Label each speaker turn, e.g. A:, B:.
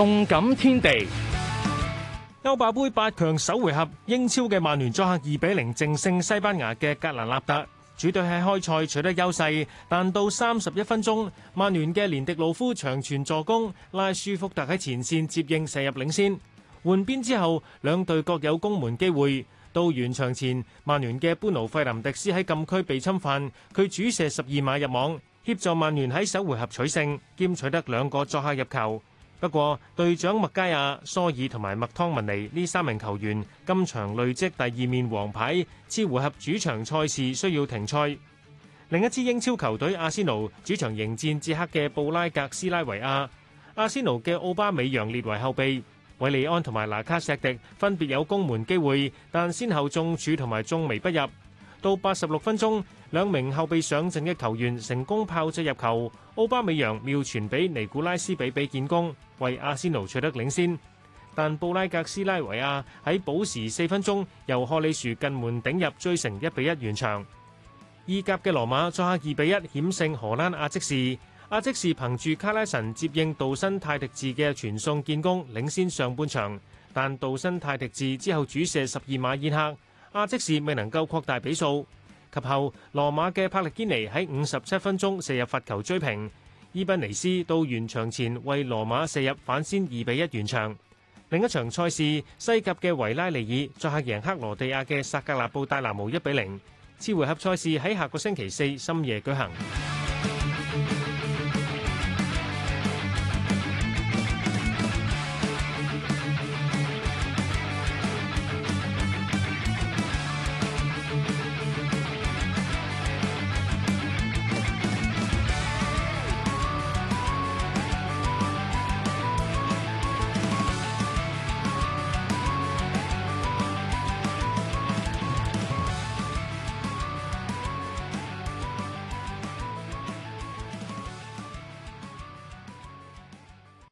A: 動感天地，歐霸盃八強首回合，英超嘅曼聯作客二比零淨勝西班牙嘅格蘭納達。主隊喺開賽取得優勢，但到三十一分鐘，曼聯嘅連迪魯夫長傳助攻，拉舒福特喺前線接應射入領先。換邊之後，兩隊各有攻門機會。到完場前，曼聯嘅般奴費南迪斯喺禁區被侵犯，佢主射十二碼入網，協助曼聯喺首回合取勝，兼取得兩個作客入球。不過，隊長麥佳亞、蘇爾同埋麥湯文尼呢三名球員今場累積第二面黃牌，次回合主場賽事需要停賽。另一支英超球隊阿仙奴主場迎戰捷克嘅布拉格斯拉維亞，阿仙奴嘅奧巴美揚列為後備，韋利安同埋拿卡錫迪分別有攻門機會，但先後中柱同埋中楣不入。到八十六分鐘，兩名後備上陣嘅球員成功炮製入球，奧巴美揚妙傳俾尼古拉斯比比建功，為阿仙奴取得領先。但布拉格斯拉維亞喺補時四分鐘由荷利殊近門頂入，追成一比一，完場。意甲嘅羅馬作客二比一險勝荷蘭阿積士，阿積士憑住卡拉神接應杜新泰迪治嘅傳送建功領先上半場，但杜新泰迪治之後主射十二碼爾克。亞積士未能夠擴大比數，及後羅馬嘅帕力堅尼喺五十七分鐘射入罰球追平，伊賓尼斯到完場前為羅馬射入反先二比一完場。另一場賽事，西甲嘅維拉利爾作客贏克羅地亞嘅薩格勒布戴拿模一比零。次回合賽事喺下個星期四深夜舉行。